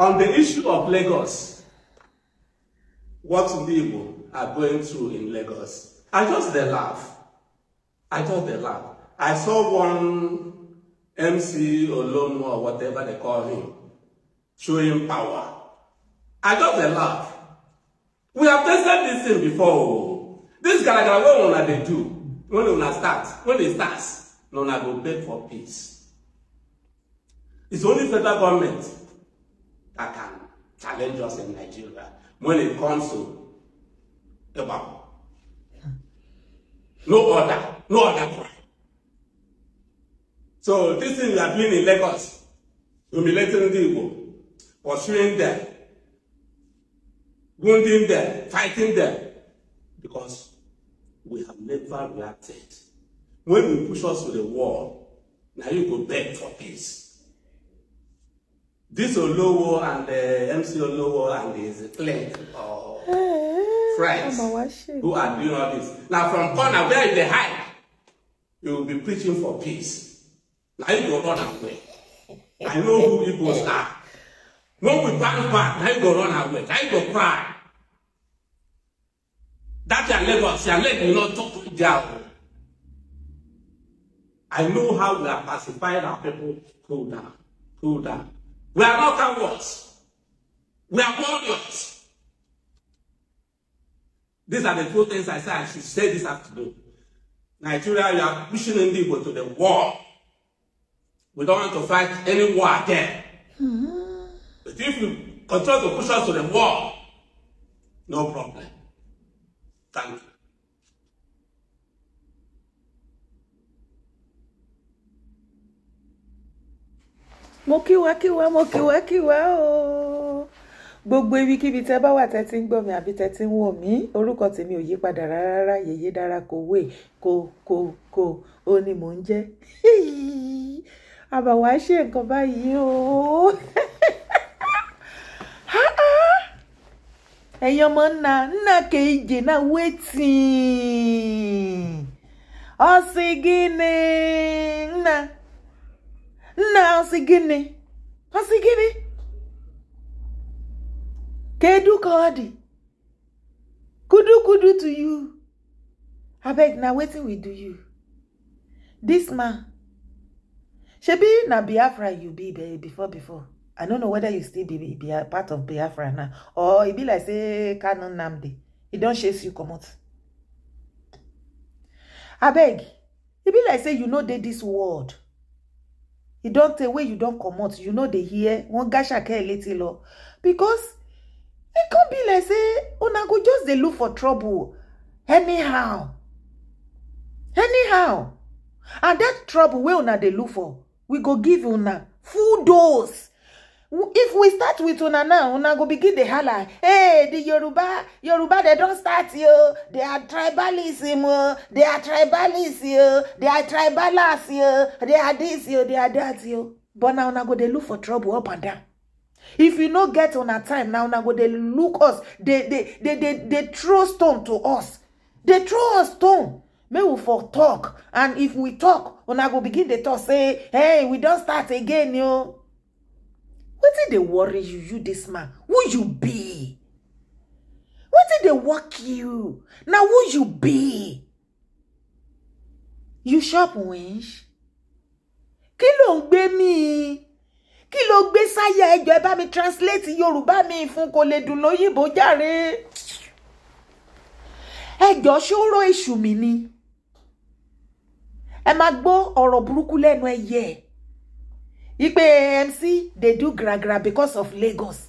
On the issue of Lagos, what people are going through in Lagos, I just they laugh. I just they laugh. I saw one MC Olomo or whatever they call him showing power. I just they laugh. We have tested this thing before. Oh. This guy, wey will they do when will they start when they start na una go beg for peace. It's only federal government I can challenge us in Nigeria when it comes to the Ibadan. No other, no other crime. So this thing we are doing in Lagos, humiliating people, pursuing them, wounding them, fighting them, because we have never reacted. When we push us to the wall, now you go beg for peace. This Olowo and the eh, MC Olowo and his plate or eh, friends who are doing all this. Now from corner where they hide, you will be preaching for peace. Now you go run away. I know who Igbos are. When we bounce back, now you go run away. Now you go cry. That's your level. your leg will not talk to down. I know how we are pacifying our people. Cool down. Cool down. We are not cowards. We are warriors. These are the two things I said I should say this afternoon. Nigeria, you are pushing Indigo to the war. We don't want to fight any war again. Mm-hmm. But if you continue to push us to the war, no problem. Thank you. mo kí wa kí o gbogbo ibikíbi tẹ bá wà tẹ ti ń mi àbí ti ń wò mí orúkọ tèmi ò yípadà rárá yèyé dára kò wé kò kò kò ó ní mò ń jẹ́ àbàwà ṣe nǹkan báyìí o ẹ̀yin ọmọ nna nna kejì náà waiting ọ̀sìn gíní nna. nna asị gịnị asị gịnị kedu ka ọ dị kudu kudu to you abeg na wetin we do you this man shebi na biafra you be before before i no know whether you still be, be, be part of biafra now or e be like say kanu nnamdi e don chase you comot abeg e be like say you no know, dey dis world you don't tey wey you come out. you know they hear one care eleti law because it can't be like say oh una go just they look for trouble anyhow anyhow and that trouble where una they look for we go give una full dose if we start with una now una go begin dey hala hey the yoruba yoruba dem don start yo they are tribalism o they are tribalism, yo they are tribalas, yo they are this yo they are that yo but now una go dey look for trouble up and down if you no get una time now una go dey look us dey dey dey dey dey throw stone to us dey throw us stone May we for talk and if we talk una go begin dey talk say hey we don start again yo wetin dey worry you you dis man who you be wetin dey work you na who you be you chop wench. kí ló ń gbé mí kí ló gbé sáyà ẹjọ ẹ bá mi translate yorùbá mi fún kò lè dùn lóyìnbó járe ẹjọ ṣòro èṣù mi ni ẹ máa gbọ́ ọ̀rọ̀ burúkú lẹ́nu ẹyẹ ẹ ipe AMC dey do gragra because of Lagos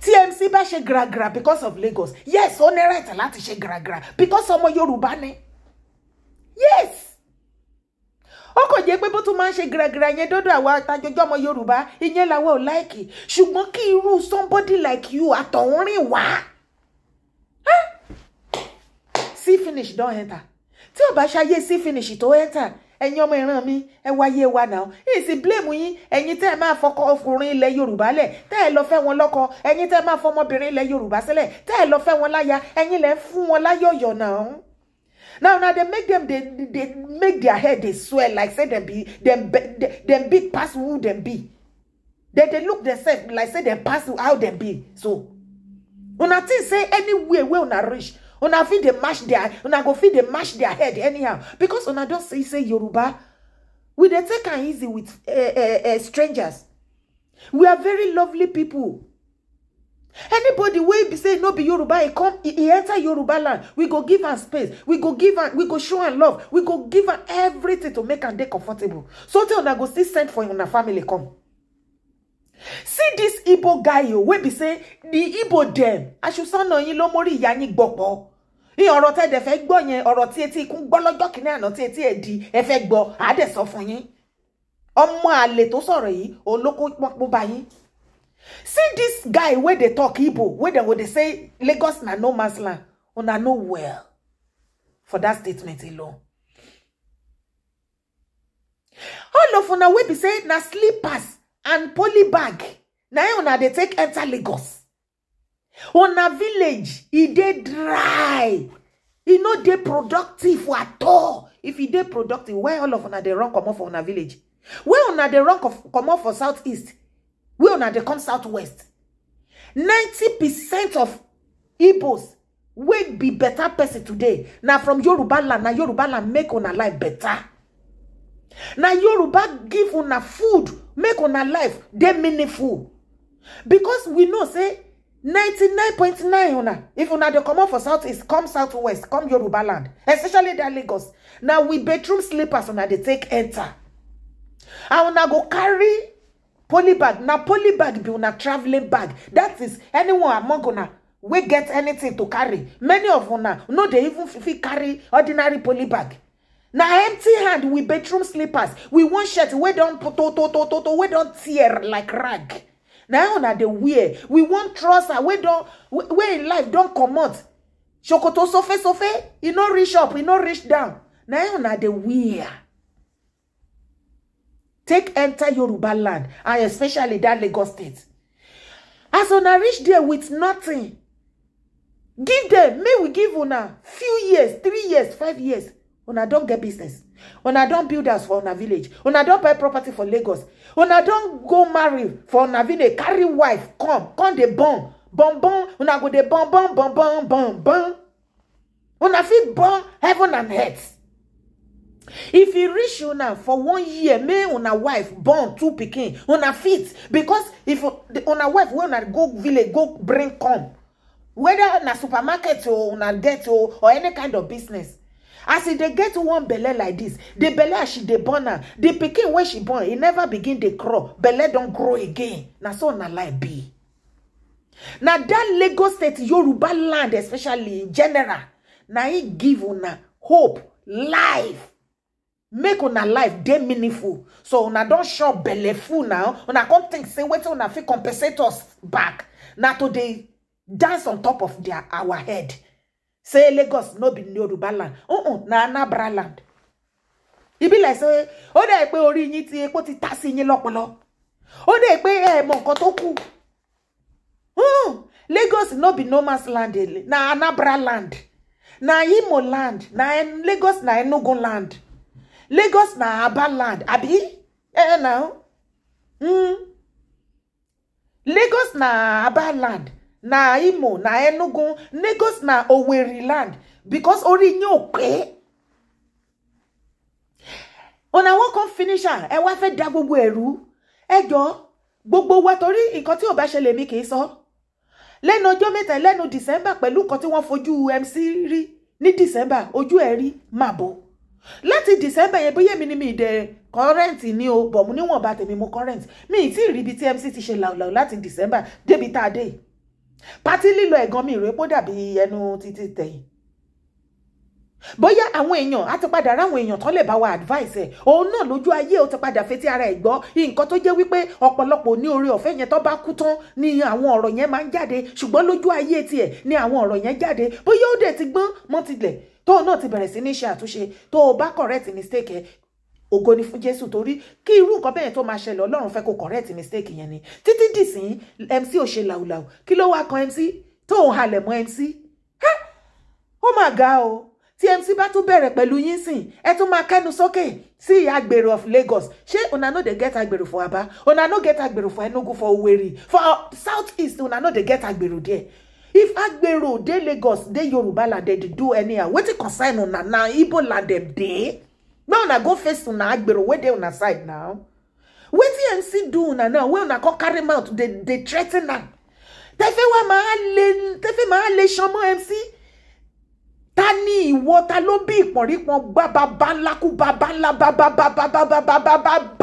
TMC MC bá ṣe gragra because of Lagos yes ó ní right láti ṣe gragra because ọmọ Yorùbá ni yes ó kò jẹ́ pé bó tún máa ń ṣe gíragíra yẹn dọ́dọ̀ àwa àtàjọjọ́ ọmọ yorùbá ìyẹn làwa ò láìkì ṣùgbọ́n kí irú somebody like you àtọ̀hún rìn wá. See finish don enter tí ò bá ṣayé sí finish tó enter ẹ̀yin ọmọ ìran mi ẹ wáyé wa náà yìí sì blame yín ẹ̀yin tẹ́ ẹ máa fọkọ ọkùnrin ilẹ̀ yorùbá lẹ̀ tẹ́ ẹ lọ fẹ́ wọn lọ́kọ ẹ̀yin tẹ́ ẹ máa fọmọbìnrin ilẹ̀ yorùbá sílẹ̀ tẹ́ ẹ lọ fẹ́ wọn láya ẹ̀yin lẹ́ ń fún wọn láyọ̀yọ̀ náà. now na dey make dem dey dey make their head dey swell like say dem be dem be dem big pass who dem be dem dey look themselves like say dem pass how dem be so una think say anywhere wey una reach una fit dey mash their una go fit dey mash their head anyhow because una don see say yoruba we dey take am easy with uh, uh, uh, strangers we are very lovely people anybody wey be say no be yoruba e come e, e enter yoruba land we go give am space we go give am we go show am love we go give am everything to make am dey comfortable so tey una go still send for una family come. see dis igbo guy o oh, wey be say ni igbo dem aṣùsọ́nà yin lo mori ìyá yín ni ní ọ̀rọ̀ tẹ́ dẹ̀ fẹ́ gbọ́ yẹn ọ̀rọ̀ eti edi ikún gbọ́ lọ́jọ́ kìíní àná tí etí ẹ̀ di ẹ fẹ́ ọmọ ale to sọ̀rọ̀ yi olókùn pọ́npọ́n bá see dis guy wey dey talk igbo wey dem go dey say lagos na no man's land una no well for dat statement alone all of una wey be say na sleepers. and polybag na im una dey take enter lagos una village e dey dry e no dey productive at all if e dey productive why all of una dey run comot for una village why una dey run comot for southeast why una dey come southwest ninety percent of igbos wey be better person today na from yoruba land na yoruba land make una life better na yoruba give una food make una life dey meaningful because we know say ninety nine point nine una if una dey comot for south east come south west come yoruba land especially dat lagos na we bedroom slippers una dey take enter and una go carry poly bag na poly bag be una travelling bag that is anyone among una wey get anything to carry many of una no dey even fit carry ordinary poly bag na empty hand with bedroom slippers with one shirt wey don to. wey don tear like rag na una dey wear we one trouser wey don wey im life don comot sokoto sofe sofe e no reach up e no reach down na una dey wear take enter yoruba land and especially dat lagos state as una reach there with nothing give dem make we give una few years three years five years una don get business una don build house for una village una don buy property for lagos una don go marry for una village carry wife come come dey born born born una go dey born born born born born born una fit born heaven and earth if e reach una for one year may una wife born two pikin una fit because if una wife wey una go village go bring come whether na supermarket o una get o or any kind of business as e dey get one belle like dis the belle as she dey born am di pikin wey she born e never begin dey crawl belle don grow again na so na life be na dat lagos state yoruba land especially in general na e give una hope life make una life dey meaningful so una don chop belle full now una come think say wetin una fit compensate us back na to dey dance on top of their our head say lagos no be yoruba land uh-uh, na anambra land e be like say ó dẹ̀ pé orí yín ti epo ti ta sí yín lọ́pọlọ ó dẹ̀ pé ẹ mọ nǹkan tó kù uh-uh, lagos no be no man's land na anambra land na imo land na lagos na enugu land lagos na aba land abi na uh-uh. lagos na aba land na imo na enugu lagos na oweri land because orí yín ò pé ọ̀nà àwọn kan finish am ẹ wá fẹ́ da gbogbo ẹ̀rú ẹ jọ gbogbo wa torí nǹkan tí ò bá ṣẹlẹ̀ mi kì í sọ lẹ́nu ọjọ́ mẹ́ta lẹ́nu december pẹ̀lú nǹkan tí wọ́n fojú mc rí ní december ojú ẹ̀ rí mà bọ̀ láti december yẹn bóyá èmi ni mi dẹ̀ current ni o bọ̀ mo níwọ̀nba tèmi mo current mi ì tí ì rí ibi tí mc ti ṣe làwùlàwù láti december débi tá a dé yìí pátí lilo ẹ̀gan mi ìrè pó dàbí ẹnu títí tẹ̀yìn bóyá àwọn èèyàn á ti padà ráwọn èèyàn tán lè bá wa advice ẹ òun náà loju aye ó ti padà fetí ara ẹ gbọ́ nǹkan tó jẹ́ wípé ọ̀pọ̀lọpọ̀ ní orí ọ̀fẹ́ yẹn tó bá kú tán ni àwọn ọ̀rọ̀ yẹn máa ń jáde ṣùgbọ́n lójú ayé tiẹ̀ ni àwọn ọ̀rọ̀ yẹn jáde bóyá ó dẹ̀ ti gbọ́n mọ́ tilẹ̀ tó náà ti bẹ̀rẹ̀ sí ní ṣe àtúnṣe tó o correct mistake ògo ni fún jésù torí kí irú nǹkan bẹ́ẹ̀ tó máa ṣẹlẹ̀ ọlọ́run fẹ́ kó correct mistake yẹn ni títí dìsín mc ò ṣe làwùlàwù kí ló wá kan mc tó ń halẹ̀ mọ́ mc ó mà ga o tí mc bá tún bẹ̀rẹ̀ pẹ̀lú yín sìn ẹ tún máa kẹ́nu sókè sí agbèrò of lagos ṣé una no dey get agbèrò for aba una no get agbèrò for enugu for owerri for south east una no dey get agbèrò there if agbero dey lagos dey yoruba land dey do anyhow wetin concern una na igbo land dem dey may una go face una agbero wey dey una side now the mc do una now wey una come carry mouth dey dey threa ten am tẹfẹ wa ma le tẹfẹ ma le ṣanmọ mc Tani Ba Ba Ba ta ni Ba Ba ló Ba Ba Ba Ba Ba Ba Ba Ba Ba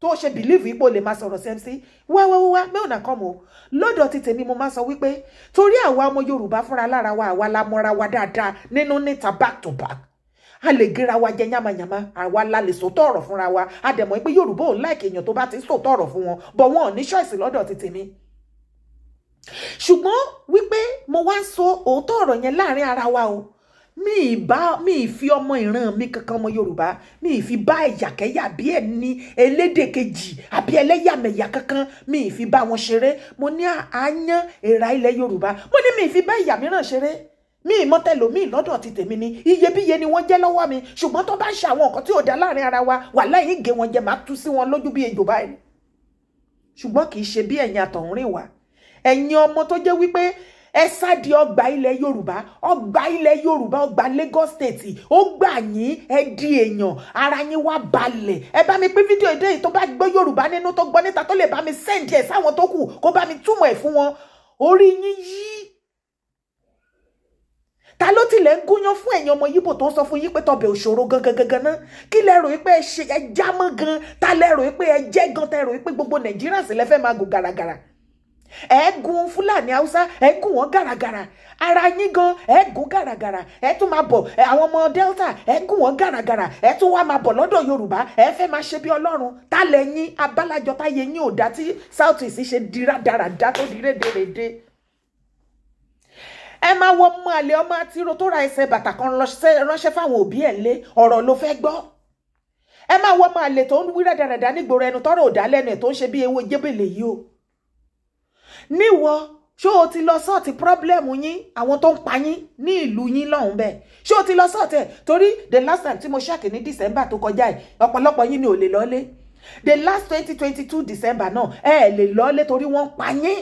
Ba ṣe bìlíìfù ipò lè máa sọ̀rọ̀ sí mc wá wá wá mẹ́ọ̀nà kan mọ̀ lọ́dọ̀ ti tèmi mo máa sọ wípé torí àwa ọmọ yorùbá fúnra lára wa àwa la mọra wa dáadáa nínú níta back to back a lè gera wa jẹ yánmayànmá àwa la lè sòótọ́ ọ̀rọ̀ fúnra wa a dẹ̀ mọ̀ pé Yorùbá ò láìkè èèyàn tó bá ti sòótọ́ ọ̀rọ̀ fún wọn bọ̀ wọn ò ní ṣọ́ọ̀ṣì lọ́dọ̀ ti tèmi ṣùgbọ́n wípé mo wá ń sọ òótọ́ ọ̀rọ̀ yẹn láàrin ara wa o mi ìbá mi ìfi ọmọ ìran mi kankan ọmọ Yorùbá mi ìfi bá ẹ̀yàkẹ́yà bí ẹni elédè kejì àbí ẹlẹ́yàmẹ̀yà kankan mi ìfi bá wọn ṣeré mo ní àáyán èèrà ilẹ̀ Yorùbá mo ní mi ìfi bá ẹ̀yà mìíràn ṣeré mi ìmọ̀tẹ́lò mi lọ́dọ̀ ti tèmi ni iyebíye ni wọ́n jẹ́ lọ́wọ́ mi ṣùgbọ́n tó bá ń ṣe àwọn nǹkan tí ò dá láàrin ara wa wà láyìn gé wọn jẹ máa tú sí wọn lójú bí ejò báyìí ṣùgbọ́n kì í ṣe bí ẹ̀yin àtọ̀hún rìn wá ẹ̀yin ọmọ tó jẹ́ wípé ẹ sáàdì ọgbà ilẹ̀ yorùbá ọgbà ilẹ̀ yorùbá ọgbà lagos state ó gbà yín ẹ di èèyàn ara yín wá balẹ̀ ẹ bá mi pín fídíò èdè yìí tó bá gbọ́ yorùbá nínú tó gbọ́ níta tó lè bá mi sẹ́ǹdì ẹ̀ sáwọn tó kù kó bá mi túmọ̀ ẹ̀ fún wọn orí yín yìí ta ló tilẹ̀ ń gúnyán fún ẹ̀yin ọmọ yíbò tó ń sọ fún yín pé tọbẹ̀ òṣòro gangan gangan ná kí lẹ rò pé ẹ ṣe ẹ já mọ́ gan ta lẹ rò pé ẹ jẹ́ gan tẹ rò pé gbogbo nàìjíríà sì lẹ́fẹ́ máa gò gàràgàrà ẹ gùn fúlàní haúsá ẹ gùn wọn gàràgàrà ara yín gan ẹ gùn gàràgàrà ẹ tún máa bọ̀ àwọn ọmọ delta ẹ gùn wọn gàràgàrà ẹ tún wá máa bọ̀ lọ́dọ̀ yorùbá ẹ fẹ́ máa ṣe bí ọlọ́run ta lẹ́yìn abálájọ táyé yín ò dá tí south east ṣe dira rádaràdá tó di rédèrèdè ẹ máa wọ ọmọ àlè ọmọ àtiró tó ra ẹsẹ̀ bàtà kan ránṣẹ́ fáwọn òbí ẹ̀ lé ọ̀rọ̀ ló fẹ́ gbọ́ ẹ máa wọ ọmọ àlè tó ń wí rẹ̀dàrẹ̀dà nígboro ẹnu tọ́rọ̀ òdá lẹ́nu ẹ̀ tó ń ṣe bí ewé jébèlè yìí o níwọ ṣó o ti lọ sọ́ọ̀tì pírọ́blẹ́mù yín àwọn tó ń pa yín ní ìlú yín lọ́hùn bẹ́ẹ̀ ṣó o ti lọ sọ́ọ̀tì ẹ̀ torí the last time tí mo ṣàkè ní December tó kọjá ẹ̀ ọ̀pọ̀lọpọ̀ yín ni ò lè lọ́lé the last twenty twenty two December náà ẹ ẹ̀ lè lọ́lé torí wọ́n pa yín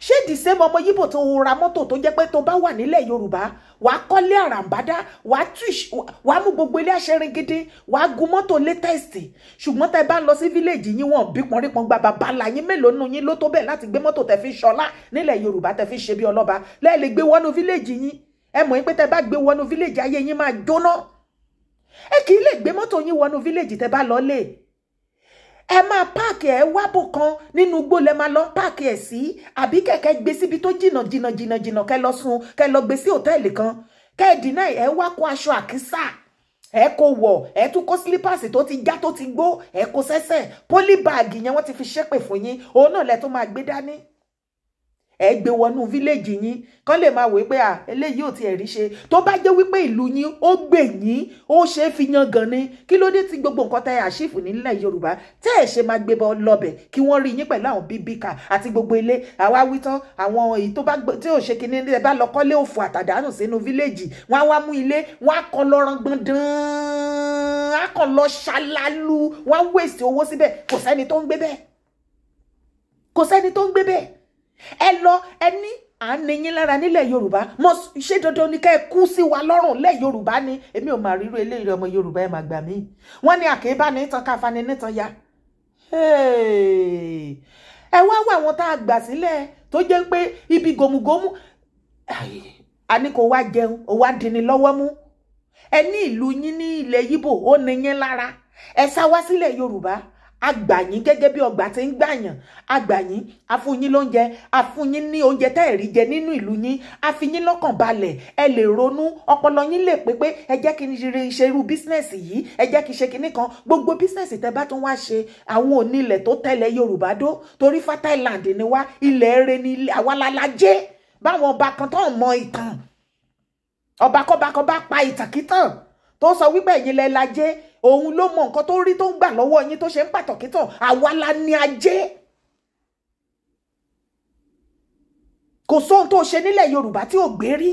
ṣé the same ọmọ yíbò tó ra mọ́tò tó jẹ́ pé tó bá wà nílẹ̀ yorùbá wà á kọ́lé àràǹbádá wà á twitch wà á mú gbogbo ilé aṣẹ́ringidi wà á gun mọ́tò latest ṣùgbọ́n tẹ́ bá lọ sí fíléèjì yín wọn bí pọnrípọn gba bàbá la yín mélòó nù yín ló tó bẹ́ẹ̀ láti gbé mọ́tò tẹ́ fi ṣọlá nílẹ̀ yorùbá tẹ́ fi ṣe bí ọlọ́ba lẹ́ẹ̀ lè gbé wọnú fíléèjì yín ẹ mọ̀ pé tẹ́ bá gbé wọnú fíléèjì ayé yín máa jóná ẹ kì í lè gbé mọ́tò yín wọnú fíléèjì tẹ́ bá lọ lé ẹ máa páàkì ẹ wábò kan nínú igbó lẹ máa lọ páàkì ẹ sí àbí kẹ̀kẹ́ gbé síbi tó jìnnà jìnnà jìnnà jìnnà kẹ lọ sùn kẹ lọ gbé sí hòtẹ́ẹ̀lì kan kẹ dínà ẹ wá kó aṣọ àkísà ẹ kò wọ ẹ tún kó sílípàsì tó ti já tó ti gbó ẹ kó sẹ́sẹ̀ pólíbàgì yẹn wọ́n ti fi ṣépè fún yín òun náà lẹ tó máa gbé dání ẹ gbé wọnú fíléèjì yín kán lè máa wò pé à eléyìí ò tiẹ̀ rí ṣe tó bá jẹ́ wípé ìlú yín ó gbè yín ó ṣe é fi yan gan ni kí ló dé tí gbogbo nǹkan tẹ àṣìfù nílẹ̀ Yorùbá tẹ́ ẹ̀ ṣe máa gbébọ lọ́bẹ̀ kí wọ́n rí yín pẹ̀lú àwọn bíbíkà àti gbogbo ilé àwa wítán àwọn èyí tó bá tí ò ṣe kinní ẹ bá lọ kọ́lé òfò àtàdánù sínú fíléèjì wọn á wá mú ilé wọn á kan lọ ran gbọ̀ndán á kan lọ ṣalalu ẹ lọ ẹ ní à ń niyín lára nílẹ̀ yorùbá mo ṣe dandan ni ká ẹ kú sí wa lọ́rùn lẹ̀ yorùbá ni èmi ò máa ríro eléyìí ọmọ yorùbá ẹ máa gbà mí wọ́n ní àkèébá ní tán káfani nítan ya ẹ wá wá àwọn tá a gbà sílẹ̀ tó jẹ́ pé ibi gòmùgòmù a ní kó wá jẹun ó wá dini lọ́wọ́ mú ẹ ní ìlú yín ní ilẹ̀ yíbò ó niyín lára ẹ sá wá sílẹ̀ yorùbá a gbà yín gẹ́gẹ́ bí ọgbà tí ń gbàyàn a gbà yín a fún yín lóúnjẹ a fún yín ní oúnjẹ tẹ́ ẹ̀ rí jẹ nínú ìlú yín a fi yín lọ́kàn balẹ̀ ẹ lè ronú ọpọlọ yín lè pé pé ẹ jẹ́ kí n ṣe ṣe irú bísínẹ́sì yìí ẹ jẹ́ kí n ṣe kinní kan gbogbo bísínẹ́sì tẹ́ bá tún wá ṣe àwọn onílẹ̀ tó tẹ̀lé Yorùbá dó torí fertile ni wá ilẹ̀ eré ni àwa lalájẹ́ báwọn ọba kan tó mọ ìtàn ọbakọbakọ bá pa ìtàkítàn tó sọ wípé ẹ̀yin lẹ lajẹ́ òun ló mọ nǹkan tó rí tó ń gbà lọ́wọ́ yín tó ṣe ń pàtàkìtàn àwa la ní ajé. kò sóhun tó ṣe nílẹ̀ yorùbá tí ò gbé rí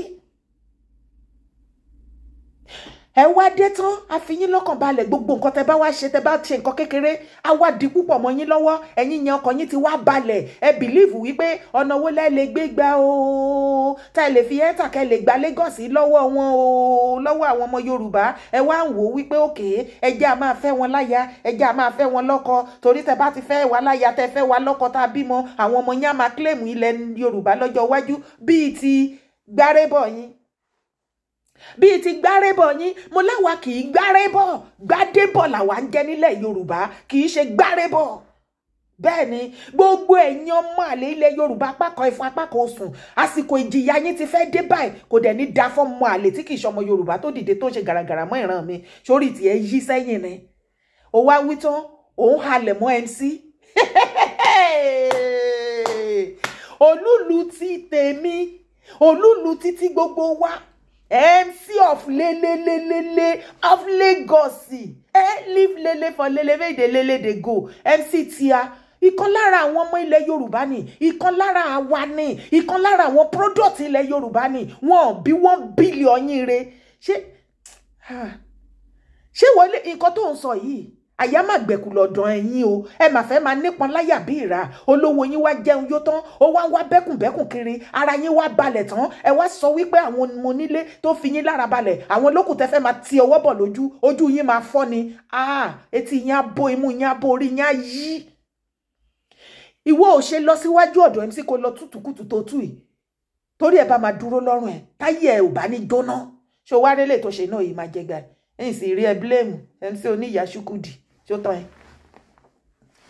ẹ wá dé tán a fi yín lọ́kàn balẹ̀ gbogbo nǹkan tẹ bá wá ṣe tẹ bá ṣe nǹkan kékeré a wá di púpọ̀ mọ́ yín lọ́wọ́ ẹ̀yin yẹn ọkàn yín ti wá balẹ̀ ẹ bìlíìfù wípé ọ̀nà wo lẹ́ lè gbé gba o tá ẹ lè fi ẹ́tà kẹ́ lè gba Lagos lọ́wọ́ wọn o lọ́wọ́ àwọn ọmọ Yorùbá ẹ wá ń wò wípé òkè ẹjẹ́ a máa fẹ́ wọn láya ẹjẹ́ a máa fẹ́ wọn lọ́kọ torí tẹ bá ti fẹ́ wa láya tẹ fẹ́ wa lọ́kọ tá a bímọ àwọn ọmọ yẹn á máa kílèmù ilẹ̀ Yorùbá lọ́jọ́ iwájú bíi ti gbárébọ̀ bíi ti gbárébọ̀ yín mo láwa kì í gbárébọ̀ gbádébọ̀ làwa ń jẹ́ nílẹ̀ yorùbá kì í ṣe gbárébọ̀ bẹ́ẹ̀ ni gbogbo ẹ̀yin ọmọ àlè ilẹ̀ yorùbá apákan ìfún apákan osùn àsìkò ìjìyà yín ti fẹ́ dé báyìí kò dẹ̀ ní da fọ́mọ àlè tí kì í ṣọmọ yorùbá tó dìde tó ń ṣe gàràgàrà mọ́ ìran mi sórí tiẹ̀ yí sẹ́yìn ni ó wá wí tán òun halẹ̀ mọ́ mc olúlu ti tèmi olúlu títí gbogbo wa mc of lelelelele of Lagos eh, leave lele for lele wey dey lele dey go mc tia ìkan lára àwọn ọmọ ilẹ̀ yorùbá ni ìkan lára àwa ni ìkan lára àwọn product ilẹ̀ yorùbá ni wọn bí wọn bílíọ̀nù re ṣé ah, ṣé wọlé nǹkan tó ń sọ yìí àyà má gbẹ̀kú lọ́dàn ẹ̀yìn o ẹ mà fẹ́ máa nípọn láyà bí ìrà olówó yín wá jẹun yó tán ó wá ń wá bẹ́kùnbẹ́kùn kiri ara yín wá balẹ̀ tán ẹ wá sọ wípé àwọn onílé tó fi yín lára balẹ̀ àwọn olókùn tẹ́ fẹ́ máa ti ọwọ́ bọ̀ lójú ojú yín máa fọ́ ni ah etí yín á bó imú yín á bó orí yín á yí. ìwọ ò ṣe lọ síwájú ọ̀dọ̀ MC kó lọ tútùkùtù tó tù yìí torí ẹ bá máa dúró lọ́rùn ẹ táyé ṣó tán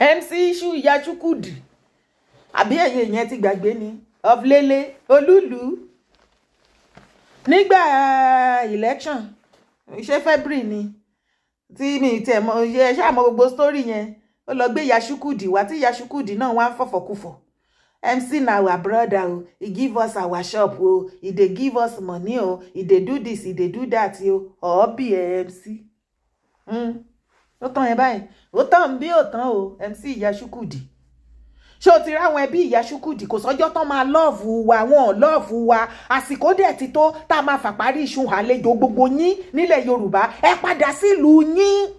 ẹ mc iṣu yachukwudi àbí ẹ̀yẹ yẹn ti gbàgbé ni ọ̀flélé olúlu nígbà eh, election ṣé february ni tí mi tiẹ̀ mọ ẹ ṣáà mọ gbogbo story yẹn ó lọ gbé yachukwudi wá tí yachukwudi náà wá ń fọ̀fọ̀kúfọ̀ mc na our brother o he give us our shop o he dey give us money o he dey do this he dey do that o ọ̀ọ́bì ẹ̀ eh, mc. Mm ó tán yẹn báyìí ó tán bí ó tán o MC ìyá Ṣúkùdì ṣé o ti ráwọn ẹbí ìyá Ṣúkùdì kò sọ́jọ́ tán máa lọ́ọ̀fù wa wọn lọ́ọ̀fù wa àsìkò dẹ̀ ti tó tá a máa fàparí iṣu àlejò gbogbo yín nílẹ̀ Yorùbá ẹ padà sílùú yín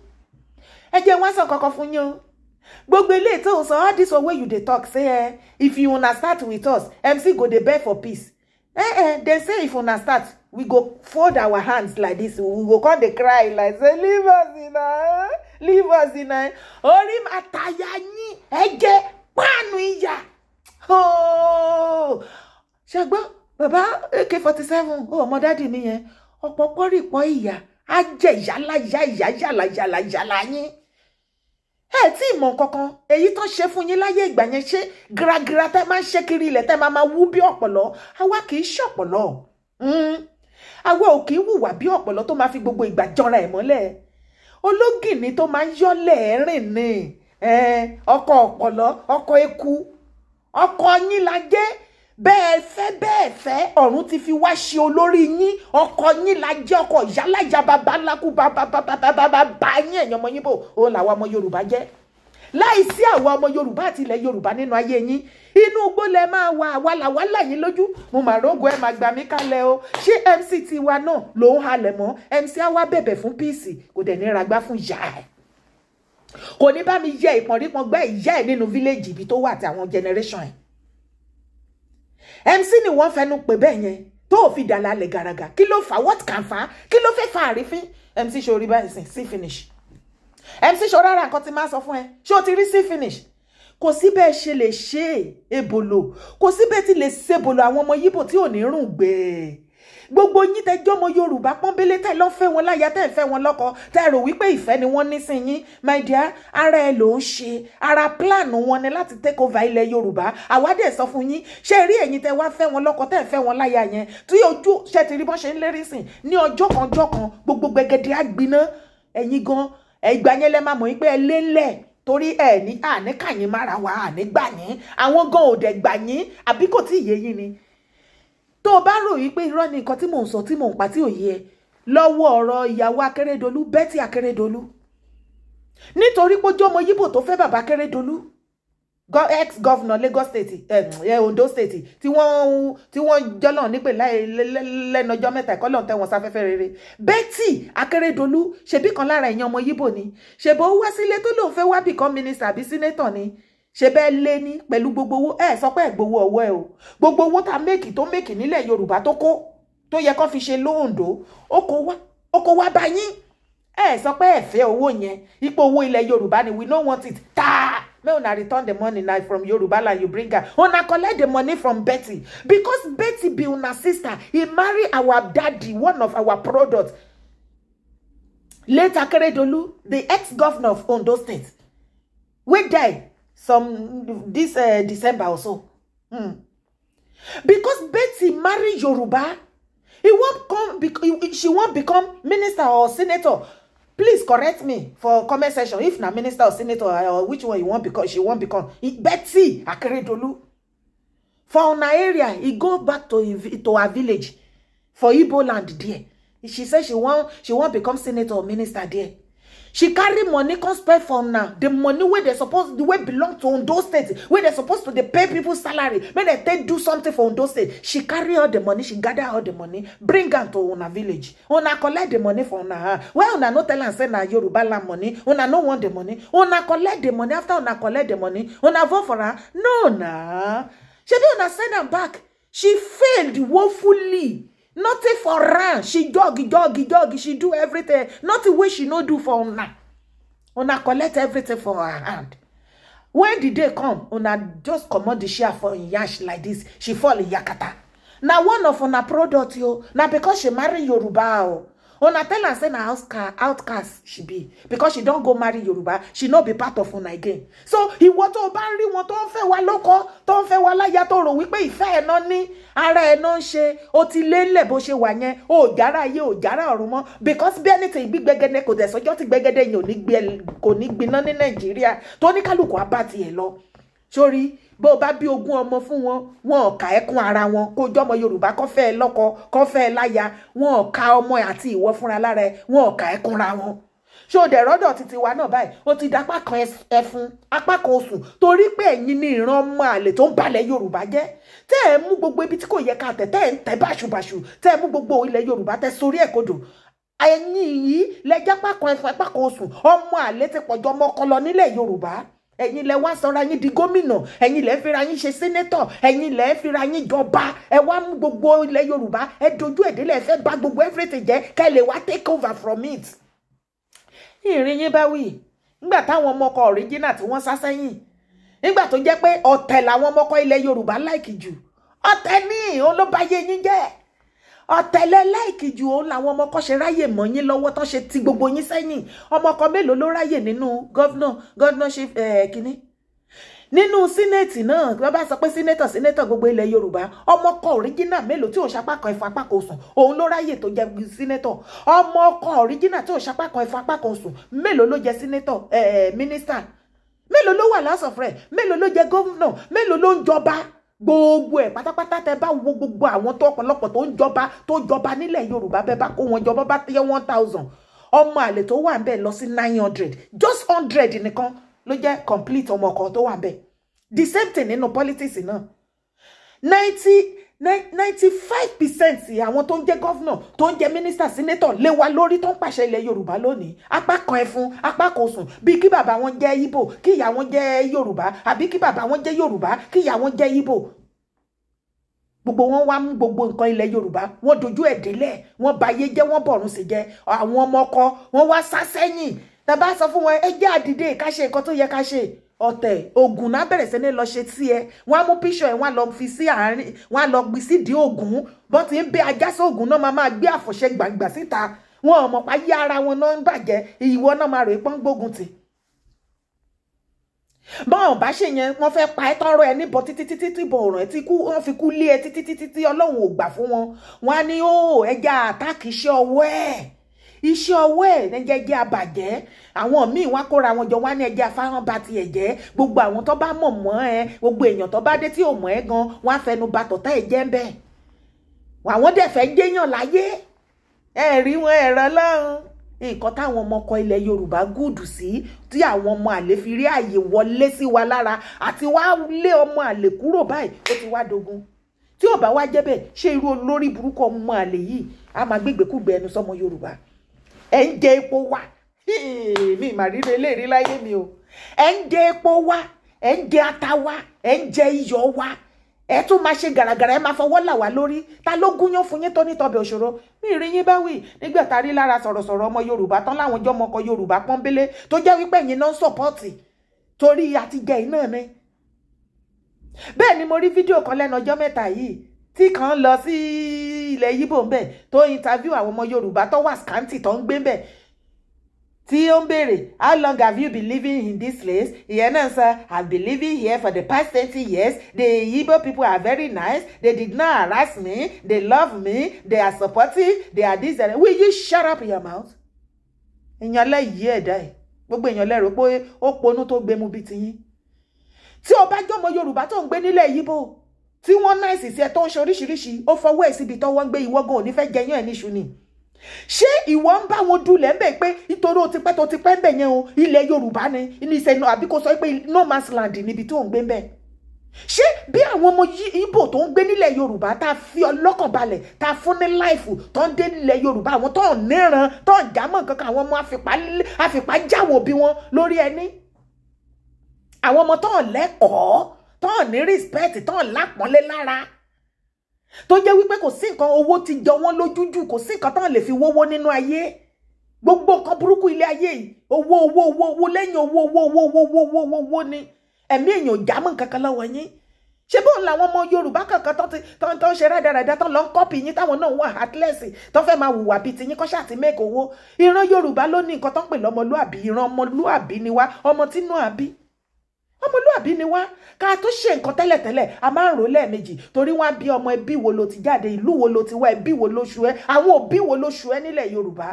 ẹ jẹ́ wá sàn kankan fún yín o gbogbo eléyìí tó sọ all this way you dey talk say eh, if you una start with us MC go dey beg for peace eh, eh, dem say if una start we go fold our hands like this. we go come dey cry like say leave us in a leave us in a orim atayanyi ẹjẹ páànù ìyá oh! ṣàgbọ́ bàbá ak forty seven ó oh, ọmọ dádì mi yẹn ọ̀pọ̀ pọ́rìpọ̀ ìyá á jẹ yálàyà ìyá yálàyàlà yálà yín ẹ tí ì mọ̀ kankan èyí tán ṣe fún yín láyé ìgbà yẹn ṣe gírágírá tẹ máa ń ṣe kiri ilẹ̀ tẹ máa máa wú bí ọ̀pọ̀lọ́ àwa kì í ṣọ̀pọ̀lọ́. Mm àwa ò kì í hùwà bí ọ̀pọ̀lọ́ tó máa fi gbogbo ìgbà jọra ẹ̀ mọ́lẹ̀ ológìnní tó máa ń yọ́lẹ̀ rìn ni ọkọ ọ̀pọ̀lọ́ ọkọ eku ọkọ yín la jẹ́ bẹ́ẹ̀ fẹ́ bẹ́ẹ̀ fẹ́ ọ̀run ti fi wá ṣe olórí yín ọkọ yín la jẹ́ ọkọ ìyálàjà babaláku babababababa yín ẹ̀yàn ọmọ yín bò ó làwọn ọmọ Yorùbá jẹ́ láìsí àwọn ọmọ yorùbá àti ilẹ̀ yorùbá nínú ayé yín inú igbó lẹ máa wà àwàlàwàlà yín lójú mo mà rógo ẹ mà gbà mí kalẹ̀ o ṣé mc tiwa náà ló ń halẹ̀ mọ́ mc á wá bẹ̀bẹ̀ fún píìsì kò dẹ̀ ní ragbá fún ìyá ẹ̀ kò ní bá mi yẹ ìpọ̀nrípọ̀n gbẹ́ ìyá ẹ̀ nínú fíléèjì ibi tó wà àti àwọn generation ẹ̀ mc ni wọ́n fẹnu pè bẹ́ẹ̀ yẹn tó ò fi dàlà lẹ̀ gàràgà kí ló fà what can fà kí ló fẹ́ fà àrífín mc ṣe orí báyìí sí finish mc ṣọ́rára nǹkan ti máa sọ fún ẹ ṣé o ti rí sí finish kò sí bẹ́ẹ̀ ṣe lè ṣe èbòlò kò sí bẹ́ẹ̀ ti lè ṣèbòlò àwọn ọmọ yíbò tí ò ní rùn gbé gbogbo yín tẹjọ́ ọmọ yorùbá pọ́nbélé tẹ́ lọ́ fẹ́ wọn láyà tẹ́ fẹ́ wọn lọ́kọ tẹ́ rò wípé ìfẹ́ ni wọ́n ní sí yín my dear ara ẹ ló ń ṣe ara plan wọn ni láti take over ilẹ̀ yorùbá àwa dẹ̀ sọ fún yín ṣé rí ẹ̀yin tẹ́ wá fẹ́ wọn lọ́kọ tẹ́ fẹ́ wọn láyà yẹn tí ojú ṣe ti rí bọ́n ṣe ń lérí sìn ní ọjọ́ kan ọjọ́ kan gbogbo gbẹgẹdẹ á gbiná ẹ̀yin gan-an ẹgbà yẹn lẹ máa mọ̀ yín pé ẹ lé ńlẹ̀ torí ẹ ní àní kàyín mára wa àní gbà yín àwọn gan òdẹ gbà yín àbí kò tí ì yé yín ni tó o bá rò yí pé irọ́ ni nǹkan tí mò ń sọ tí mò ń pa tí ò yé ẹ lọ́wọ́ ọ̀rọ̀ ìyàwó Akérédolú Betty Akérédolú nítorí pé ojú ọmọ Yíbò tó fẹ́ bàbá Akérédolú ex governor Lagos state eh, Ondo state tí wọ́n tí wọ́n jọlọ nípè lẹ́nọjọ́ mẹ́ta ẹ̀kọ́ lọ́n tẹ́wọ̀n sáfẹ́fẹ́ rere Betty Akeredolu ṣebí kan lára èèyàn ọmọ Yíbò ni ṣèbó wá sílé tó lóun fẹ́ wá bìkan minister àbí senator ni ṣe bẹ́ẹ̀ lé ní pẹ̀lú gbogbo owó ẹ̀ sọ pé ẹ̀ gbowó ọwọ́ ẹ̀ o gbogbo owó tá méèkì tó méèkì nílẹ̀ Yorùbá tó kó tó yẹ kó fi ṣe lóòǹdó ó kó wá ó kó wá bá yín ẹ̀ sọ pé ẹ̀ fẹ́ owó yẹn ipò owó ilẹ̀ Yorùbá ni we no want it ta make una return the money now from yoruba land you bring am una collect the money from betty because betty be una sister he marry our daddy one of our products Later, akeredolu the ex-governor of ondo state We die some this uh, december or so hmm. because betty marry yoruba he won't come she won't become minister or senator please correct me for comment section if na minister or senator or uh, which one you wan become she wan become betty akeredolu for una area e go back to to her village for igbo land there she say she wan she wan become senator or minister there she carry money come spend for na. the money wey dey suppose the way belong to ondo state wey dey suppose to dey pay people salary make dem take do something for ondo state she carry all the money she gather all the money bring am to una village una collect the money for una hand ah. well una no tell am say na yoruba land money una no want the money una collect the money after una collect the money una vote for her no na shebi una send am back she failed woefully nothing for round she jog jog jog she do everything nothing wey she no do for una una collect everything for her hand when the day come una just comot the share for im yansh like this she fall yakata na one of una product yo. na because she marry yoruba o una tell her say na outcast she be because she don go marry yoruba she no be part of una again so ìwọ tó o bá ń rí wọn tó ń fẹ́ wa lọ́kọ tó ń fẹ́ wa láya tó rò wípé ìfẹ́ ẹ̀ náà ní ara ẹ̀ náà ń ṣe o ti lé ńlẹ̀ bó ṣe wà yẹn o ò jára ayé o ò jára ọ̀run mọ́ because bí ẹni tí ìgbí gbẹgẹdẹ kò dẹ̀ sọ́jọ́ tí gbẹgẹdẹ yẹn kò ní gbiná ní nàìjíríà tó ní kálukú abá tiẹ̀ lọ sórí bó o bá bí ogún ọmọ fún wọn wọn ò ẹkún ara wọn kó jọmọ yorùbá kó fẹ́ ẹ lọ́kọ kó fẹ́ ẹ láya wọn ò ka ọmọ àti ìwọ fúnra lára ẹ wọn ò ka ẹkúnra wọn ṣé o títí wa náà báyìí o ti dapá kan ẹfun apá kan osùn torí pé ẹ̀yin ni ìran ọmọ àlè tó ń balẹ̀ yorùbá jẹ́ tẹ́ ẹ̀ mú gbogbo ibi tí kò yẹ ká tẹ̀ tẹ́ ẹ̀ ń tẹ̀ báṣubàṣu tẹ́ ẹ̀ mú gbogbo ilẹ̀ yorùbá tẹ́ sórí ẹ̀ kodò ẹ̀yin yìí lẹ́jẹ́ apá kan ẹfun apá kan osùn ọmọ àlè ti pọ̀jọ́ mọ́kànlọ nílẹ̀ yorùbá ẹ̀yin lẹ wá sọra yín di gómìnà ẹ̀yin lẹ fira yín ṣe sénétọ̀ ẹ̀yin lẹ fira yín jọba ẹ wá mú gbogbo ilẹ̀ yorùbá ẹ dojú ẹ̀dínlẹ̀ fẹ́ bà gbogbo everything jẹ́ kẹ́ lè wá take over from it. ìrìn yín bá wí nígbà táwọn ọmọkọ ọ̀ríjínà tí wọ́n sá sẹ́yìn nígbà tó jẹ́ pé ọ̀tẹ̀ làwọn ọmọkọ ilẹ̀ yorùbá láìkì jù ọ̀tẹ̀ ní òun ló bá yé yín jẹ́ ọ̀tẹ̀lẹ̀ láìkì jù ó làwọn ọmọ kan ṣe ráyè mọ́ yín lọ́wọ́ tán ṣe ti gbogbo yín sẹ́yìn ọmọ kan mélòó ló ráyè nínú gọ́vnà gọ́vnà ṣe kínní nínú sínẹ́ẹ̀tì náà bí wọ́n bá sọ pé sínẹ́tọ̀ sínẹ́tọ̀ gbogbo ilẹ̀ yorùbá ọmọ ọkọ ọ̀ríjínà mélòó tí ò ṣapákan ẹ̀fọ́ apákan sùn òun ló ráyè tó jẹ sínẹ́tọ̀ ọmọ ọkọ ọ̀ríjínà tí ò ṣapákan ẹ̀fọ́ apákan sùn mélòó ló jẹ sínẹ́tọ̀ mínísítà mélòó ló wà lásọ̀fẹ́ mélòó ló jẹ gómìnà mélòó ló ń jọba gbogbo ẹ̀ pátápátá tẹ bá wo gbogbo àwọn tó ọ̀pọ̀lọpọ̀ tó ń jọba tó jọba nílẹ̀ yorùbá bẹ bá kó wọn jọba bá yẹ one thousand ọmọ àlè tó wà bẹ́ẹ̀ lọ sí nine hundred just hundred nìkan ló jẹ́ complete ọmọ kan tó wà bẹ́ẹ̀ the same thing nínú politics náà ninety ninety five percent àwọn tó ń jẹ́ gọ́fúnà tó ń jẹ́ mínísítà sínétọ̀ lé wa lórí tó ń pàṣẹ ilẹ̀ yorùbá lónìí apá kan ẹfun apá kan sùn bíi kí bàbá wọn jẹ́ ibo kí ìyá wọn jẹ́ yorùbá àbí kí bàbá wọn jẹ́ yorùbá kí ìyá wọn jẹ́ ibo gbogbo wọn wá mú gbogbo nǹkan ilẹ̀ yorùbá wọn dojú ẹ̀ délẹ̀ wọn ba ayé jẹ́ wọn bọ̀rùn sí jẹ́ àwọn ọmọ ọkọ wọn wá sá sẹ́yìn tàbá sọ fún wọn ẹ jẹ́ àdìde ká ṣe nǹkan tó yẹ ká ṣe ọ̀tẹ̀ ogun náà bẹ̀rẹ̀ sí ní lọ ṣe tí ẹ wọ́n á mú píṣọ ẹ̀ wọ́n á lọ fi sí àárín wọ́n á lọ gbé sídìí ogun bọ́n ti ń bẹ ajá sí ogun náà máa máa gbé àfọ̀ṣẹ gbàǹgbà síta wọn ò mọ̀ pa yí ara wọn náà ń bàjẹ́ ìwọ náà máa rò é pọ́n gbógun tì bọ́n bá ṣe yẹn wọ́n fẹ́ pa ẹ́ tọ́rọ ẹ níbọ̀ títí títí tí bọ̀ ọ̀ràn ẹ tí wọ́n fi kú lé ẹ títí títí tí ọlọ́run ò gbà fún wọn wọn á ní ó ẹja àtàkì iṣẹ́ ọwọ́ ẹ̀ iṣẹ́ ọwọ́ ẹ̀ ní jẹ́jẹ́ abàjẹ́ àwọn míì wá kóra wọn jọ wá ní ẹjẹ́ afárán ba tiẹ̀ jẹ́ gbogbo àwọn tó bá mọ̀ mọ́ ẹ gbogbo èèyàn tó bá dé tí ò mọ̀ ẹ́ gan wọ́n á fẹnu ba tọ̀tá ẹ̀ jẹ́ ń bẹ̀ àwọn dẹ̀ fẹ́ jẹ́yàn láyé ẹ rí wọn ẹ̀rọ lọ́run nǹkan táwọn ọmọ ọkọ ilẹ̀ Yorùbá gùdù sí tí àwọn ọmọ àlè fi rí àyè wọlé sí wa lára àti wá lé ọmọ àlè kúrò báyìí ó ti wá dogun tí ò bá wá jẹ́ bẹ́ẹ̀ ṣé irú olórí burúkú ọmọ àlè yìí a máa gbégbèkúgbè ẹnu sọmọ Yorùbá ẹ̀ ń jẹ epo wá mi mà ríro eléèrí láyé mi o ẹ̀ ń jẹ epo wá ẹ̀ ń jẹ ata wá ẹ̀ ń jẹ iyọ̀ wá ẹ tún máa ṣe gàràgàrà ẹ máa fọwọ́ là wá lórí ta ló gúnyán fún yín tó ní tọbẹ̀ òṣòro mi rí yín bá wì nígbà tá a rí lára sọ̀rọ̀sọ̀rọ̀ ọmọ yorùbá tán láwọn ọjọ́ ọmọkọ yorùbá pọ́nbélé tó jẹ́ wípé ẹ̀yin náà ń sọ̀pọ́ọ̀tì torí àtijẹ́ iná mi. bẹ́ẹ̀ ni mo rí fídíò kan lẹ́nu ọjọ́ mẹ́ta yìí tí kan lọ sí ilẹ̀ yíbò ń bẹ̀ tó interview àwọn ọmọ yorùbá tó wà scanty tó ń gbé bẹ̀ tí ó ń béèrè how long have you been living in this place ìyẹn náà sọ i've been living here for the past thirty years the Yibo people are very nice they did not harass me they love me they are supportive they are decent. will you shut up your mouth. èèyàn lẹ́yìí ẹ̀dá ẹ̀ gbogbo èèyàn lẹ́rọ pé ó ponú tó gbému bíi tiyín tí o bá jọmọ yorùbá tó ń gbé nílẹ̀ yíbò tí wọ́n náìsì sí ẹ tó ń ṣe oríṣiríṣi ó fọwọ́ ẹ̀ síbi tọ́wọ́ ń gbé ìwọ gan òní fẹ́ jẹyàn ẹ̀ níṣu ni ṣé ìwọ ń bá wọn dulẹ̀ ń bẹ̀ pé nítorí o ti pẹ́ tó ti pẹ́ ń bẹ̀ yẹn o ilẹ̀ Yorùbá ni ní ìṣẹ́ iná àbí kò sọ pé no man's land níbi tí ò ń gbé ń bẹ̀ ṣé bí àwọn ọmọ Ìgbò tó ń gbé nílẹ̀ Yorùbá tá a fi ọlọ́kàn balẹ̀ tá a fún ní láìfù tó ń dé nílẹ̀ Yorùbá àwọn tó ń níran tó ń jámọ̀ nǹkan kan àwọn ọmọ àfipá jáwò bí wọn lórí ẹni àwọn tán ní respect tán lápọ́nlé lára tó jẹ́ wípé kò sí nǹkan owó ti jọ wọ́n lójújù kò sí nǹkan tán lè fi wówó nínú ayé gbogbo nǹkan burúkú ilé ayé yìí owó owó owó owó lẹ́yìn owó owó owó owó owó owó owó owó ni ẹ̀mí èèyàn jámọ́ nǹkan kan lọ́wọ́ yín ṣé bóun làwọn ọmọ yorùbá kankan tán ti tán tán ṣe rádaràda tán lọ ń kọ́pì yín táwọn náà wà àtìlẹ́sì tán fẹ́ máa hùwà bíi tiyín kọ́ ṣáàtì mẹ́kọ̀ owó ìran yorùbá ló ní nǹkan tán pè lọ́mọlúàbí ìran ọmọlúàbí ni wá ọmọ tínú àbí ọmọlúàbí ni wá ká tó ṣe nǹkan tẹ́lẹ̀tẹ́lẹ̀ a máa ń rò lẹ́ẹ̀mejì torí wọ́n á bí ọmọ ẹbí wo lo ti jáde ìlú wo lo ti wá ẹbí wo ló ṣu àwọn òbí wo ló ṣu nílẹ̀ Yorùbá